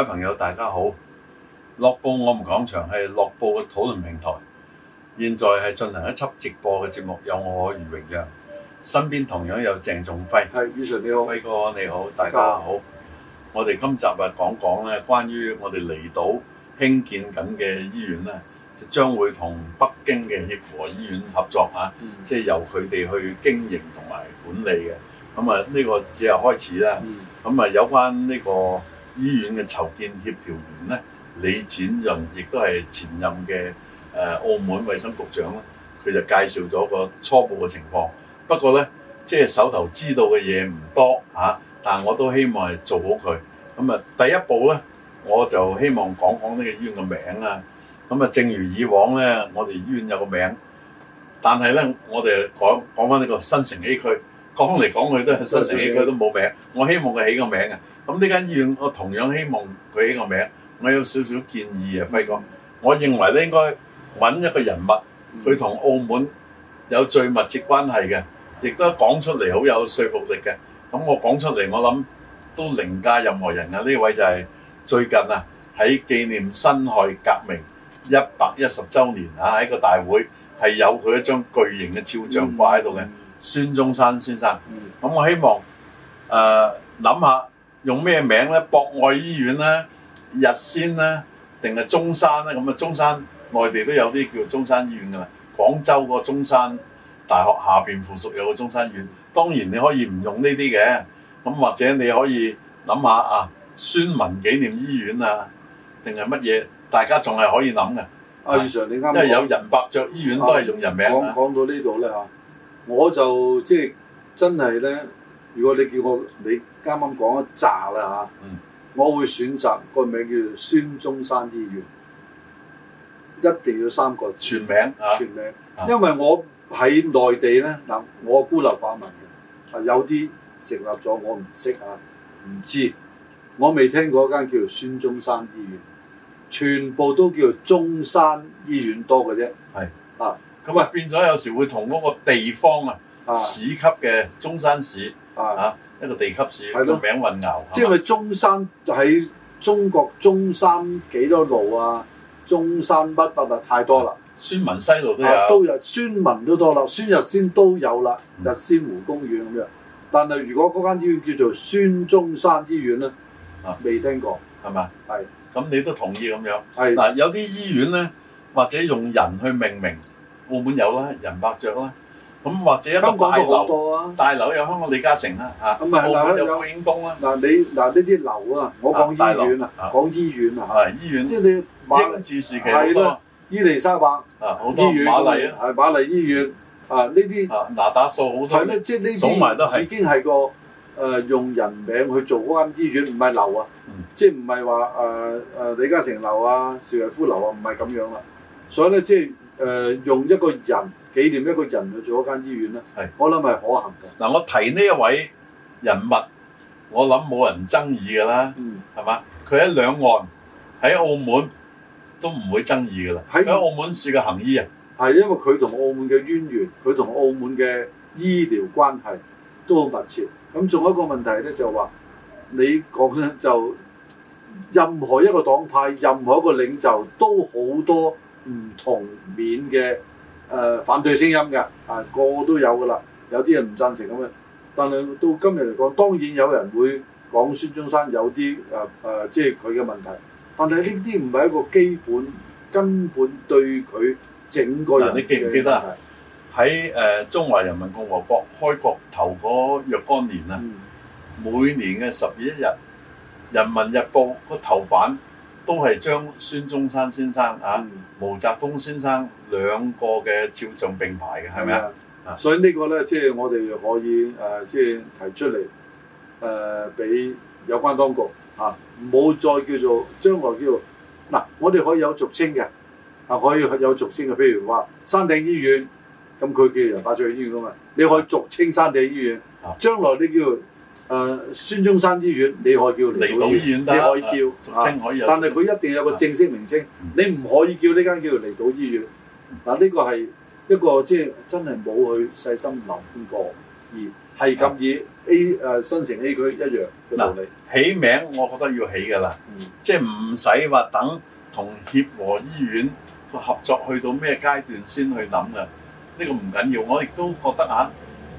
各位朋友，大家好！樂報我哋講場，係樂報嘅討論平台。現在係進行一輯直播嘅節目，有我余榮陽，身邊同樣有鄭仲輝。係余 Sir 你好，輝哥你好， 大家好。 我哋今集啊，講講咧關於我哋離島興建緊嘅醫院咧，就將會同北京嘅協和醫院合作啊，嗯、即係由佢哋去經營同埋管理嘅。咁啊，呢個只係開始啦。咁啊，有關呢、呢個。醫院嘅籌建協調員咧，李展潤亦都係前任嘅誒、呃、澳門衛生局長啦。佢就介紹咗個初步嘅情況。不過咧，即係手頭知道嘅嘢唔多嚇、啊，但我都希望係做好佢。咁、嗯、啊，第一步咧，我就希望講講呢個醫院嘅名啊。咁、嗯、啊，正如以往咧，我哋醫院有個名，但係咧，我哋講，講講翻呢個新城 A 區。講嚟講去都係新地，佢都冇名。我希望佢起個名啊！咁呢間醫院，我同樣希望佢起個名。我有少少建議啊，輝哥。我認為咧應該揾一個人物，佢同澳門有最密切關係嘅，亦都講出嚟好有說服力嘅。咁我講出嚟，我諗都凌駕任何人啊！呢位就係最近啊，喺紀念辛亥革命一百一十週年啊，喺個大會係有佢一張巨型嘅肖像掛喺度嘅。孫中山孫先生，咁、嗯、我希望，誒、呃、諗下用咩名咧？博愛醫院咧，日先咧，定係中山咧？咁啊，中山內地都有啲叫中山醫院噶啦，廣州個中山大學下邊附屬有個中山醫院。當然你可以唔用呢啲嘅，咁或者你可以諗下啊，孫文紀念醫院啊，定係乜嘢？大家仲係可以諗嘅。阿宇常，你啱，因為有人伯爵醫院都係用人名。講講、啊、到呢度咧嚇。我就即係真係咧，如果你叫我你啱啱講一紮啦嚇，嗯、我會選擇個名叫做孫中山醫院，一定要三個字全名全名，因為我喺內地咧，嗱我孤陋寡聞嘅，啊有啲成立咗我唔識啊，唔知，我未聽過一間叫做孫中山醫院，全部都叫中山醫院多嘅啫，係是啊。咁啊，變咗有時會同嗰個地方啊，市級嘅中山市啊，一個地級市個名混淆。係係嘛？即係咪中山喺中國中山幾多路啊？中山北，北啊，太多啦。孫文西路都有。啊、都有孫文都多啦，孫逸仙都有啦，逸仙湖公園咁樣。但係如果嗰間醫院叫做孫中山醫院咧，未、啊、聽過係咪？係。咁係你都同意咁樣？係係。嗱，嗯、有啲醫院咧，或者用人去命名。澳門有啦，仁伯爵啦，咁或者香港都好多啊。大樓有香港李嘉誠啦，嚇，咁咪係啦，有有霍英東啦，嗱你嗱呢啲樓啊，我講醫院啊，講醫院啊，係醫院，即係你英治時期咯，伊利沙伯醫院，瑪麗，係瑪麗醫院，啊呢啲，嗱打數好多，係咧，即係呢啲已經係個誒用人名去做嗰間醫院，唔係樓啊，即係唔係話誒誒李嘉誠樓啊、邵逸夫樓啊，唔係咁樣啦，所以咧即係。誒、呃、用一個人紀念一個人去做一間醫院咧，係是我諗係可行嘅。嗱，我提呢一位人物，我諗冇人爭議㗎啦，係嘛、嗯？佢喺兩岸喺澳門都唔會爭議㗎啦。喺澳門係個行醫啊，係因為佢同澳門嘅淵源，佢同澳門嘅醫療關係都好密切。咁仲有一個問題咧，就話你講咧就任何一個黨派、任何一個領袖都好多。唔同面嘅誒、呃、反對聲音嘅啊，個個都有噶啦，有啲人唔贊成咁樣。但係到今日嚟講，當然有人會講孫中山有啲誒誒，即係佢嘅問題。但係呢啲唔係一個基本，根本對佢整個人、啊、你記唔記得喺、啊、誒、呃、中華人民共和國開國頭嗰若干年啊？嗯、每年嘅十月一日，《人民日報》個頭版。都係將孫中山先生啊、毛澤東先生兩個嘅照像並排嘅，係咪啊？所以呢個呢，即係我哋可以誒，即係提出嚟誒，俾有關當局啊，唔好再叫做將來叫做嗱、啊，我哋可以有俗稱嘅，啊可以有俗稱嘅，譬如話山頂醫院，咁佢叫仁伯爵醫院噶嘛，你可以俗稱山頂醫院，啊，將來你叫。嗯誒孫中山醫院，你可以叫離島醫院，醫院你可以叫，嗯、但係佢一定有個正式名稱，嗯、你唔可以叫呢間叫做離島醫院。嗱，呢個係一個即係、就是、真係冇去細心諗過。而係咁、嗯，以 A 誒新城 A 區一樣嗱、嗯，起名我覺得要起㗎啦，嗯、即係唔使話等同協和醫院個合作去到咩階段先去諗㗎。呢、呢個唔緊要，我亦都覺得嚇，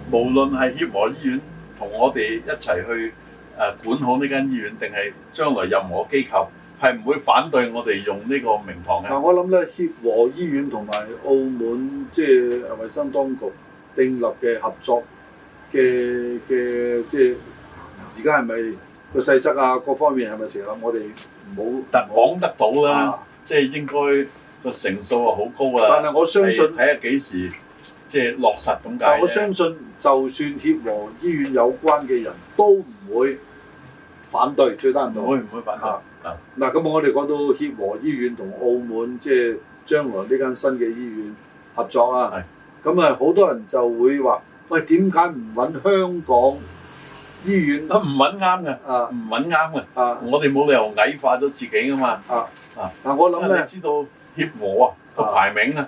無論係協和醫院。同我哋一齊去誒管好呢間醫院，定係將來任何機構，係唔會反對我哋用呢個名堂嘅。嗱、啊，我諗咧協和醫院同埋澳門即係衞生當局訂立嘅合作嘅嘅，即係而家係咪個細則啊？各方面係咪成日諗我哋唔好？但講得到啦，啊、即係應該個成數係好高㗎啦。但係我相信睇下幾時。即係落實咁解。但我相信，就算協和醫院有關嘅人都唔會反對，最單純。唔會唔會反對。嗱，咁我哋講到協和醫院同澳門即係將來呢間新嘅醫院合作啊。係。咁啊，好多人就會話：喂，點解唔揾香港醫院？啊，唔揾啱嘅。啊。唔揾啱嘅。啊。我哋冇理由矮化咗自己噶嘛。啊。啊。嗱，我諗咧。你知道協和啊個排名啊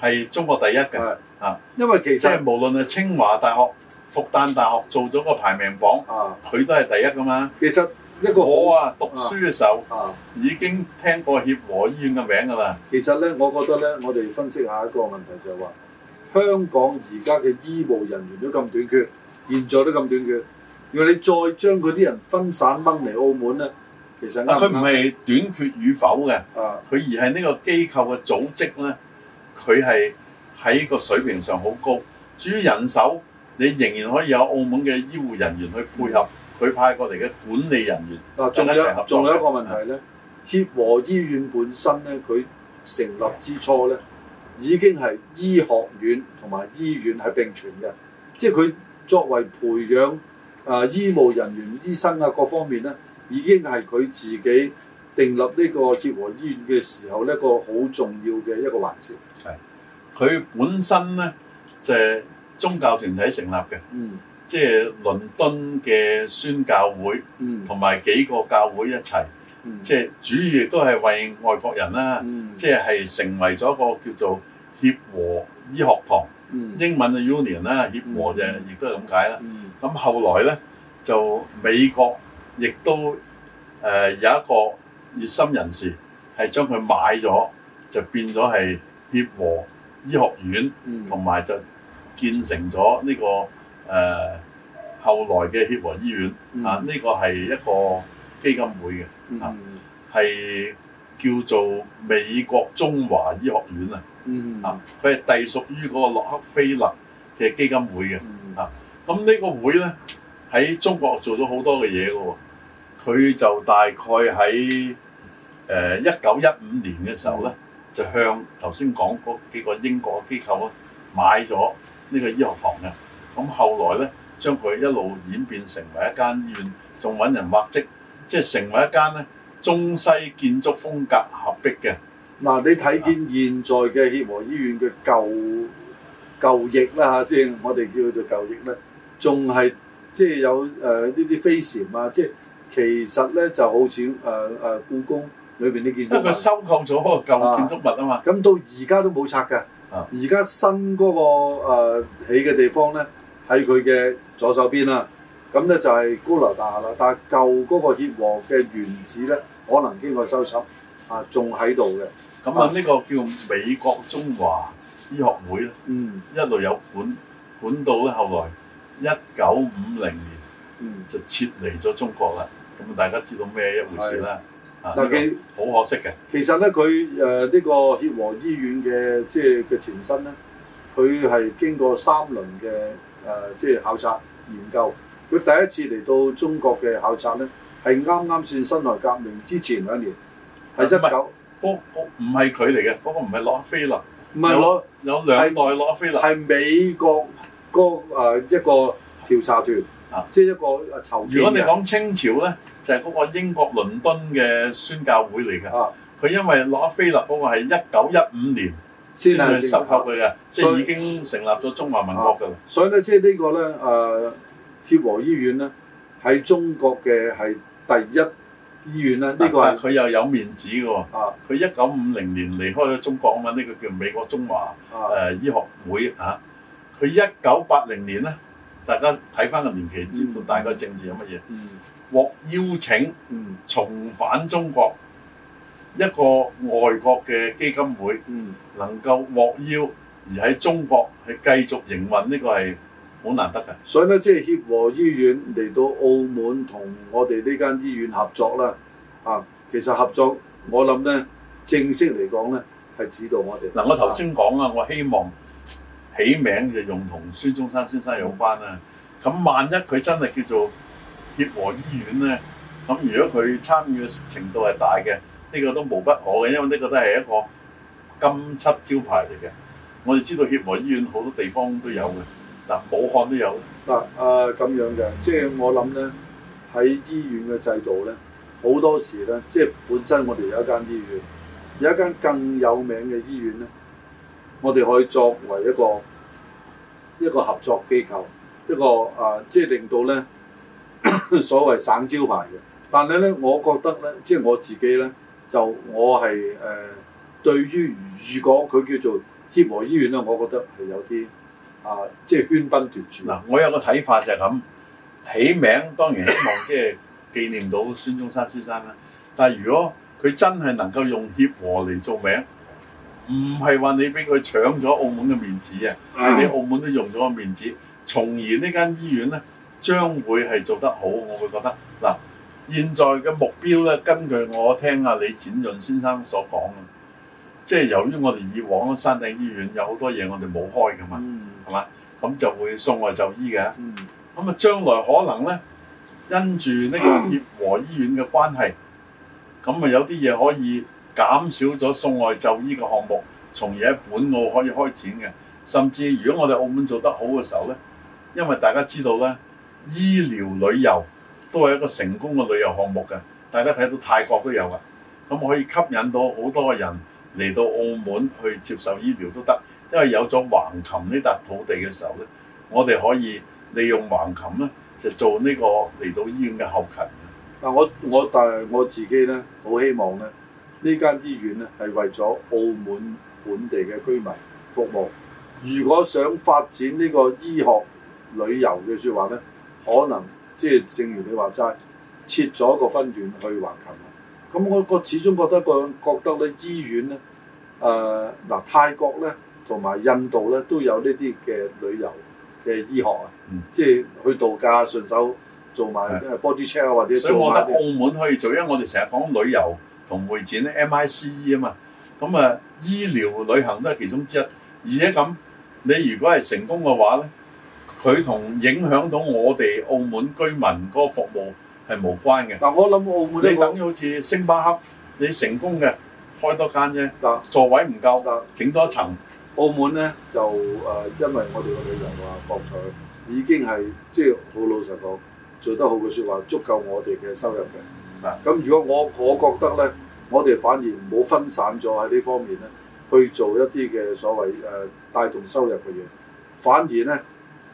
係中國第一㗎。啊！因為其實即係無論係清華大學、復旦大學做咗個排名榜，啊，佢都係第一噶嘛。其實一個我啊，讀書嘅時候，啊，啊已經聽過協和醫院嘅名噶啦。其實咧，我覺得咧，我哋分析下一個問題就係話，香港而家嘅醫務人員都咁短缺，現在都咁短缺。如果你再將嗰啲人分散掹嚟澳門咧，其實佢唔係短缺與否嘅，佢、啊、而係呢個機構嘅組織咧，佢係，喺個水平上好高，至於人手，你仍然可以有澳門嘅醫護人員去配合佢、嗯、派過嚟嘅管理人員。啊有，仲有仲有一個問題呢，嗯、協和醫院本身呢，佢成立之初呢，已經係醫學院同埋醫院係並存嘅，即係佢作為培養啊、呃、醫務人員、醫生啊各方面呢，已經係佢自己訂立呢個協和醫院嘅時候呢，一個好重要嘅一個環節。係。佢本身咧就係宗教團體成立嘅，嗯，即係倫敦嘅宣教會，同埋幾個教會一齊，即係主要都係為外國人啦，即係成為咗個叫做協和醫學堂，英文嘅 Union 啦，協和就亦都係咁解啦。咁後來咧就美國亦都誒有一個熱心人士係將佢買咗，就變咗係協和。醫學院同埋就建成咗呢、這個誒、呃、後來嘅協和醫院、嗯、啊，呢、這個係一個基金會嘅，係、嗯啊、叫做美國中華醫學院、嗯、啊，啊佢係隸屬於嗰個洛克菲勒嘅基金會嘅、嗯、啊，咁呢個會咧喺中國做咗好多嘅嘢噶喎，佢就大概喺誒一九一五年嘅時候咧。嗯就向頭先講嗰幾個英國機構咯，買咗呢個醫學堂嘅。咁後來咧，將佢一路演變成為一間醫院，仲揾人畫跡，即係成為一間咧中西建築風格合璧嘅。嗱，你睇見現在嘅協和醫院嘅舊舊翼啦吓，即係我哋叫佢做舊翼咧，仲係即係有誒呢啲飛檐啊，即係、呃、其實咧就好似誒誒故宮。裏邊啲建築，得佢收購咗嗰個舊建築物啊嘛。咁到而家都冇拆嘅。而家新嗰個誒起嘅地方咧，喺佢嘅左手邊啦。咁咧就係高樓大廈啦。但係舊嗰個協和嘅原址咧，可能經過修葺啊，仲喺度嘅。咁啊，呢個叫美國中華醫學會啦。嗯，一路有管管道咧，後來一九五零年就撤離咗中國啦。咁啊，大家知道咩一回事啦？嗱，佢好、啊這個、可惜嘅。其實咧，佢誒呢個協和醫院嘅即係嘅前身咧，佢係經過三輪嘅誒即係考察研究。佢第一次嚟到中國嘅考察咧，係啱啱算辛亥革命之前兩年，係一九。唔係佢嚟嘅，嗰、那個唔係諾菲林。唔係諾有兩代諾菲林，係美國個誒一個調查團。啊！即係一個誒籌如果你講清朝咧，就係、是、嗰個英國倫敦嘅宣教會嚟嘅。啊！佢因為洛菲勒嗰個係一九一五年先去收合佢嘅，啊、即係已經成立咗中華民國噶啦、啊。所以咧，即係呢個咧誒協和醫院咧，喺中國嘅係第一醫院咧。呢、這個佢、啊、又有面子嘅喎。啊！佢一九五零年離開咗中國啊嘛，啊啊啊啊呢個叫美國中華誒醫學會嚇。佢一九八零年咧，大家睇翻個年期，知道大概政治有乜嘢。嗯、獲邀請重返中國，一個外國嘅基金會、嗯、能夠獲邀而喺中國係繼續營運，呢、呢個係好難得嘅。所以咧，即係協和醫院嚟到澳門同我哋呢間醫院合作啦。啊，其實合作我諗咧，正式嚟講咧，係指導我哋。嗱，我頭先講啊，我希望。起名就用同孫中山先生有關啦，咁萬一佢真係叫做協和醫院呢，咁如果佢參與嘅程度係大嘅，呢、呢個都無不可嘅，因為呢個都係一個金漆招牌嚟嘅。我哋知道協和醫院好多地方都有嘅，嗱，武漢都有。嗱、啊，啊、呃、咁樣嘅，即係我諗呢，喺醫院嘅制度呢，好多時呢，即係本身我哋有一間醫院，有一間更有名嘅醫院呢。我哋可以作為一個一個合作機構，一個啊、呃，即係令到咧 所謂省招牌嘅。但係咧，我覺得咧，即係我自己咧，就我係誒、呃、對於如果佢叫做協和醫院咧，我覺得係有啲啊、呃，即係喧賓奪主。嗱，我有個睇法就係咁，起名當然希望即係紀念到孫中山先生啦。但係如果佢真係能夠用協和嚟做名，嗯唔係話你俾佢搶咗澳門嘅面子啊！你俾澳門都用咗個面子，從而呢間醫院咧將會係做得好，我會覺得嗱。現在嘅目標咧，根據我聽阿李展潤先生所講，即係由於我哋以往山頂醫院有好多嘢我哋冇開㗎嘛，係嘛、嗯，咁就會送外就醫嘅。咁啊、嗯，將來可能呢，因住呢個協和醫院嘅關係，咁啊有啲嘢可以。減少咗送外就醫嘅項目，從而喺本澳可以開展嘅。甚至如果我哋澳門做得好嘅時候呢，因為大家知道呢，醫療旅遊都係一個成功嘅旅遊項目嘅。大家睇到泰國都有㗎，咁可以吸引到好多人嚟到澳門去接受醫療都得，因為有咗橫琴呢笪土地嘅時候呢，我哋可以利用橫琴呢，就做呢個嚟到醫院嘅後勤嘅。我我但係我自己呢，好希望呢。呢間醫院咧係為咗澳門本地嘅居民服務。如果想發展呢個醫學旅遊嘅説話咧，可能即係正如你話齋，設咗個分院去橫琴啦。咁我，我覺始終覺得個覺得咧，醫院咧，誒、呃、嗱泰國咧同埋印度咧都有呢啲嘅旅遊嘅醫學啊，嗯、即係去度假順手做埋 body check 是或者做埋。所以我覺得澳門可以做，嗯、因為我哋成日講旅遊。同會展 MICE 啊嘛，咁啊醫療旅行都係其中之一，而且咁你如果係成功嘅話咧，佢同 影響到我哋澳門居民嗰個服務係無關嘅。嗱，我諗澳門你等你好似星巴克，你成功嘅開多間啫。嗱以，座位唔夠㗎，整以多層。澳門咧就誒，因為我哋嘅旅遊啊博彩已經係即係好老實講做得好嘅説話，足夠我哋嘅收入嘅，咁如果我我覺得咧，我哋反而唔好分散咗喺呢方面咧，去做一啲嘅所謂誒帶動收入嘅嘢，反而咧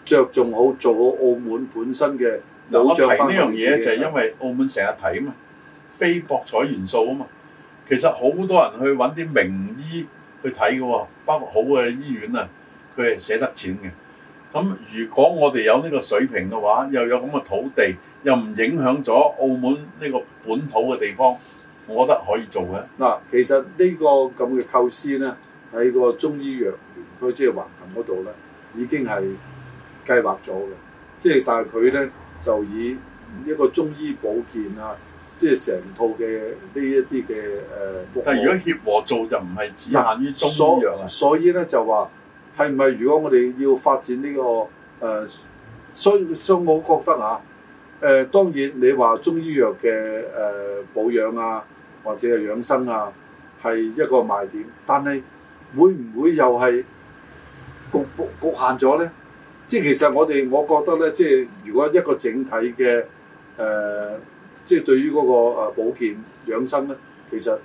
着重好做好澳門本身嘅。嗱，我提呢樣嘢就係因為澳門成日睇啊嘛，非博彩元素啊嘛，其實好多人去揾啲名醫去睇嘅。哦，包括好嘅醫院啊，佢係捨得錢嘅。咁如果我哋有呢個水平嘅話，又有咁嘅土地，又唔影響咗澳門呢個本土嘅地方，我覺得可以做嘅。嗱、嗯，其實呢個咁嘅構思咧，喺個中醫藥園區即係橫琴嗰度咧，已經係計劃咗嘅。即係但係佢咧就以一個中醫保健啊，即係成套嘅呢一啲嘅誒服務。但係如果協和做就唔係只限於中醫藥啊、嗯。所以咧就話。係唔係？是是如果我哋要發展呢，這個誒，所、呃、所以，所以我覺得啊，誒、呃、當然你話中醫藥嘅誒保養啊，或者係養生啊，係一個賣點。但係會唔會又係局侷限咗咧？即係其實我哋我覺得咧，即係如果一個整體嘅誒、呃，即係對於嗰個保健養生咧，其實誒、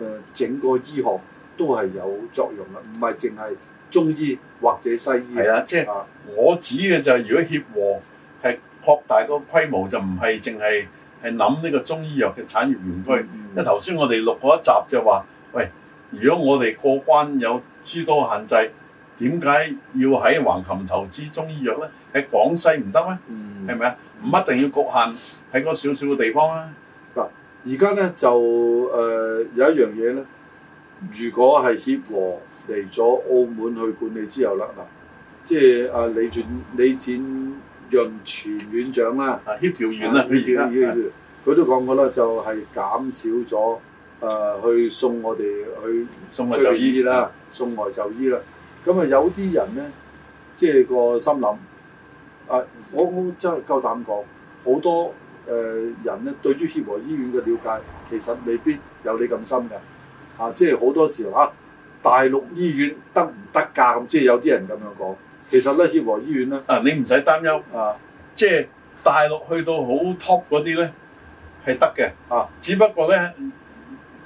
呃、整個醫學都係有作用嘅，唔係淨係。中醫或者西醫，係啦、啊，即、就、係、是、我指嘅就係如果協和係擴大個規模，就唔係淨係係諗呢個中醫藥嘅產業園區。嗯、因為頭先我哋錄過一集就話，喂，如果我哋過關有諸多限制，點解要喺橫琴投資中醫藥呢？喺廣西唔得咩？係咪啊？唔一定要局限喺嗰少少嘅地方啊？嗱，而家呢，就誒、呃、有一樣嘢呢。如果係協和嚟咗澳門去管理之後啦，嗱，即係阿李展李展潤全院長啦，協調院啦、啊，佢而家佢都講過啦，就係、是、減少咗誒、啊、去送我哋去送外就醫啦，送外就醫啦。咁啊、嗯，有啲人咧，即係個心諗，啊，我我真係夠膽講，好多誒人咧對於協和醫院嘅了解，其實未必有你咁深嘅。啊，即係好多時候、啊、大陸醫院得唔得㗎？咁即係有啲人咁樣講。其實咧，協和醫院咧啊，你唔使擔憂啊。即、就、係、是、大陸去到好 top 嗰啲咧係得嘅啊，只不過咧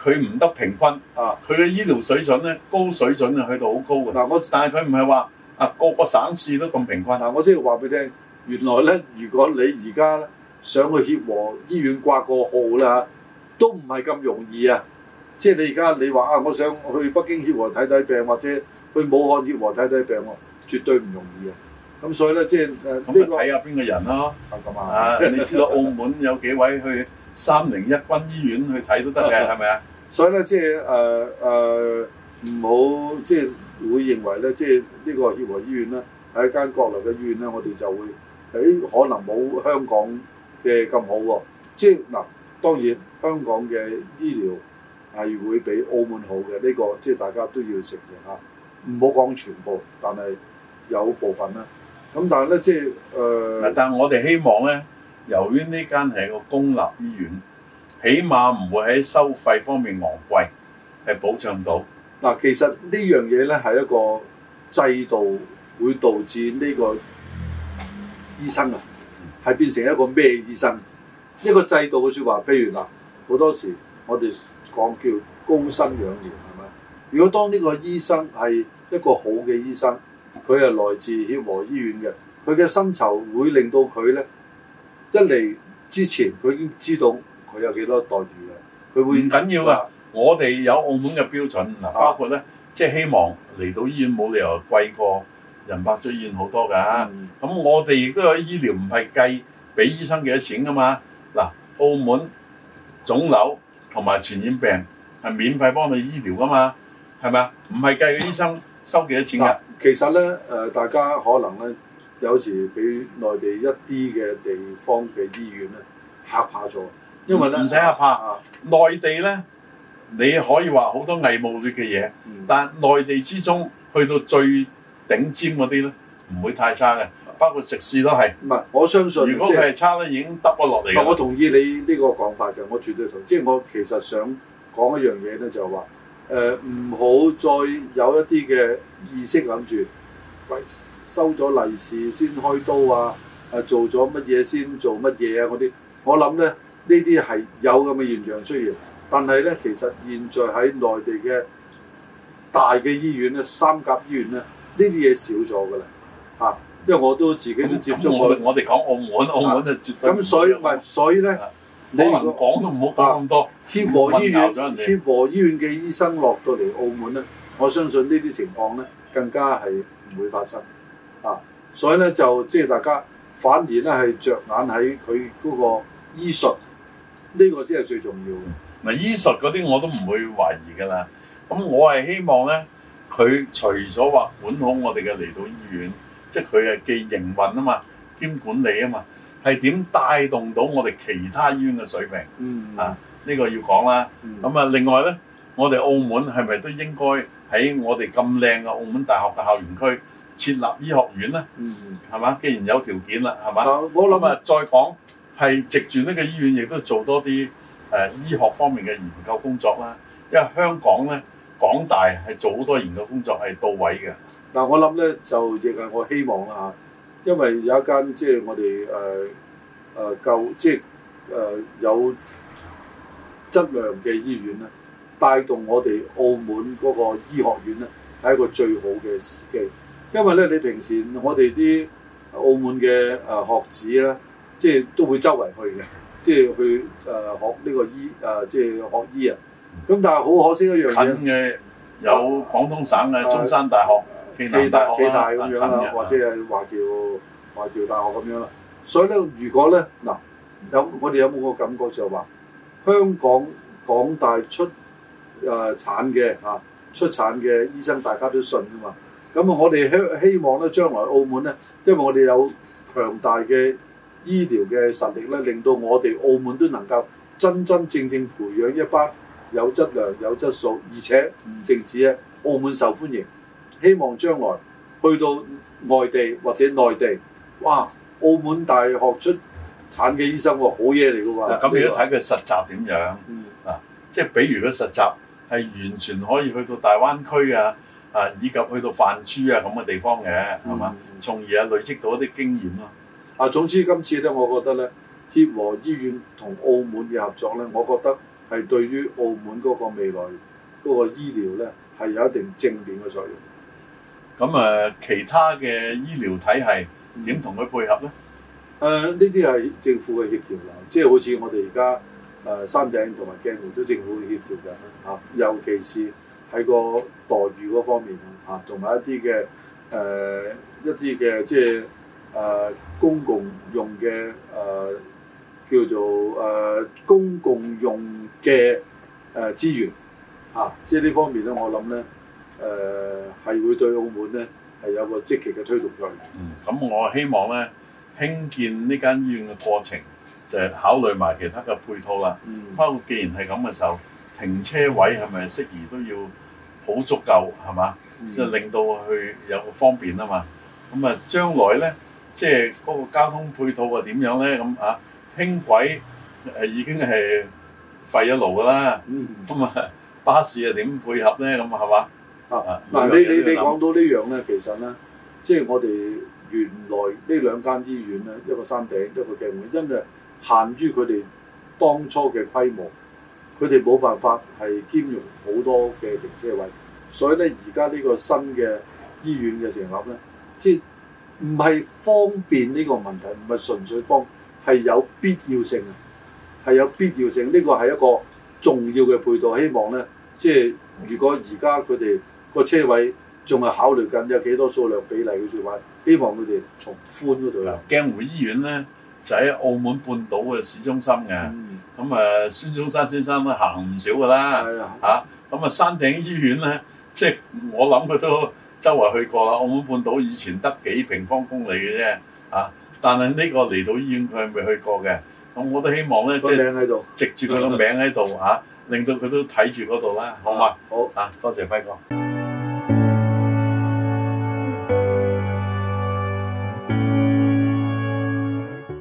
佢唔得平均啊，佢嘅醫療水準咧高水準啊去到好高嘅。嗱、啊，我但係佢唔係話啊個個省市都咁平均啊。嗱、啊，我即係話俾你聽，原來咧，如果你而家想去協和醫院掛個號啦，都唔係咁容易啊。即係你而家你話啊，我想去北京協和睇睇病，或者去武漢協和睇睇病喎，絕對唔容易嘅。咁所以咧，即係誒，呢就、呢個睇下邊個人咯。 啊，你知道澳門有幾位去三零一軍醫院去睇都得嘅，係咪啊？ 吧所以咧、呃呃呃，即係誒誒，唔好即係會認為咧，即係呢、呢個協和醫院咧係、啊、一間國內嘅醫院咧，我哋就會誒可能冇香港嘅咁好喎。即係嗱，當然香港嘅醫療。係會比澳門好嘅，呢個即係大家都要承認嚇。唔好講全部，但係有部分啦。咁但係咧，即係誒。呃、但係我哋希望咧，由於呢間係一個公立醫院，起碼唔會喺收費方面昂貴，係保障到嗱。其實呢樣嘢咧係一個制度，會導致呢個醫生啊，係變成一個咩醫生？一個制度嘅説話，譬如嗱，好多時。我哋講叫高薪養廉係咪？嗎如果當呢個醫生係一個好嘅醫生，佢係來自協和醫院嘅，佢嘅薪酬會令到佢咧一嚟之前，佢已經知道佢有幾多待遇嘅。佢會唔緊要啊？嗎我哋有澳門嘅標準嗱，包括咧，即係希望嚟到醫院冇理由貴過仁伯爵醫院好多㗎。咁嗎我哋亦都有醫療唔係計俾醫生幾多錢㗎嘛？嗱，澳門腫瘤。同埋傳染病係免費幫你醫療噶嘛，係咪啊？唔係計個醫生收幾多錢㗎？其實咧，誒、呃、大家可能咧，有時俾內地一啲嘅地方嘅醫院咧嚇怕咗，因為咧唔使嚇怕。啊。內地咧，你可以話好多偽冒劣嘅嘢，嗯、但係內地之中去到最頂尖嗰啲咧，唔會太差嘅。包括食肆都係，唔係我相信。如果佢係差咧，就是、已經得咗落嚟。我同意你呢個講法嘅，我絕對同意。即係我其實想講一樣嘢咧，就係話誒，唔好再有一啲嘅意識諗住，喂收咗利是先開刀啊，誒、啊、做咗乜嘢先做乜嘢啊嗰啲。我諗咧，呢啲係有咁嘅現象出現，但係咧，其實現在喺內地嘅大嘅醫院咧，三甲醫院咧，呢啲嘢少咗噶啦，嚇、啊。因為我都自己都接觸，們們我我哋講澳門，澳門就絕對、嗯。咁有所以唔係，所以咧，你如果講都唔好講咁多。協、啊、和醫院協和醫院嘅醫生落到嚟澳門咧，我相信況呢啲情況咧更加係唔會發生啊！所以咧就即係、就是、大家反而咧係着眼喺佢嗰個醫術，呢、這個先係最重要嘅。嗱、嗯、醫術嗰啲我都唔會懷疑㗎啦。咁我係希望咧，佢除咗話管好我哋嘅嚟到醫院。即係佢係既營運啊嘛，兼管理啊嘛，係點帶動到我哋其他醫院嘅水平？嗯、啊，呢、這個要講啦。咁、嗯、啊，另外咧，我哋澳門係咪都應該喺我哋咁靚嘅澳門大學嘅校園區設立醫學院咧？係嘛、嗯，既然有條件啦，係嘛，咁、嗯、啊，再講係籍住呢個醫院，亦都做多啲誒、呃、醫學方面嘅研究工作啦。因為香港咧，港大係做好多研究工作係到位嘅。但我諗咧就亦係我希望啦、啊、嚇，因為有一間即係我哋誒誒夠即係誒有質量嘅醫院咧，帶動我哋澳門嗰個醫學院咧，係一個最好嘅時機。因為咧，你平時我哋啲澳門嘅誒學子咧，即係都會周圍去嘅，即係去誒、呃、學呢個醫誒、呃、即係學醫啊。咁但係好可惜一樣嘢，有廣東省嘅、啊、中山大學。暨大暨大咁樣啦，大啊、或者係華僑華僑大學咁樣啦。所以咧，如果咧嗱，有我哋有冇個感覺就話、是、香港港大出誒產嘅嚇出產嘅醫生，大家都信啊嘛。咁啊，我哋希希望咧，將來澳門咧，因為我哋有強大嘅醫療嘅實力咧，令到我哋澳門都能夠真真正正培養一班有質量、有質素，而且唔淨止係，澳門受歡迎。希望將來去到外地或者內地，哇！澳門大學出產嘅醫生好嘢嚟嘅喎。咁你都睇佢實習點樣？嗱、嗯啊，即係比如佢實習係完全可以去到大灣區啊，啊，以及去到泛珠啊咁嘅地方嘅，係嘛、嗯？從而啊，累積到一啲經驗咯。啊，總之今次咧，我覺得咧，協和醫院同澳門嘅合作咧，我覺得係對於澳門嗰個未來嗰個醫療咧係有一定正面嘅作用。咁誒，其他嘅醫療體系點同佢配合咧？誒、呃，呢啲係政府嘅協調啦，即係好似我哋而家誒山頂同埋鏡湖都政府嘅協調嘅，嚇、啊，尤其是喺個待遇嗰方面啊，同埋一啲嘅誒一啲嘅即係誒公共用嘅誒、呃、叫做誒、呃、公共用嘅誒資源嚇、啊，即係呢方面咧，我諗咧。誒係、呃、會對澳門咧係有個積極嘅推動作用。咁、嗯、我希望咧興建呢間醫院嘅過程就係、考慮埋其他嘅配套啦。嗯、包括既然係咁嘅時候，停車位係咪適宜都要好足夠係、嗯、嘛，即係令到佢去有個方便啊嘛。咁啊，將來咧即係嗰個交通配套啊點樣咧咁啊？輕軌誒已經係廢咗路㗎啦。咁啊、嗯嗯嗯，巴士又點配合咧咁係嘛？啊！嗱、嗯，你、嗯、你種你講到呢樣咧，其實咧，即係我哋原來呢兩間醫院咧，一個山頂，一個鏡湖，因為限於佢哋當初嘅規模，佢哋冇辦法係兼容好多嘅停車位，所以咧，而家呢個新嘅醫院嘅成立咧，即係唔係方便呢個問題，唔係純粹方，係有必要性啊，係有必要性，呢、這個係一個重要嘅配套，希望咧，即係如果而家佢哋。個車位仲係考慮緊有幾多數量比例嘅說話，希望佢哋從寬嗰度。嗱，鏡湖醫院呢就喺澳門半島嘅市中心嘅，咁啊、嗯嗯、孫中山先生都行唔少㗎啦，嚇咁、嗯、啊山頂醫院呢，即、就、係、是、我諗佢都周圍去過啦。澳門半島以前得幾平方公里嘅啫，嚇、啊，但係呢個離島醫院佢未去過嘅，咁我都希望呢，即係喺度，直住佢個名喺度嚇，令到佢都睇住嗰度啦，好嘛？好嚇、啊，多謝輝哥。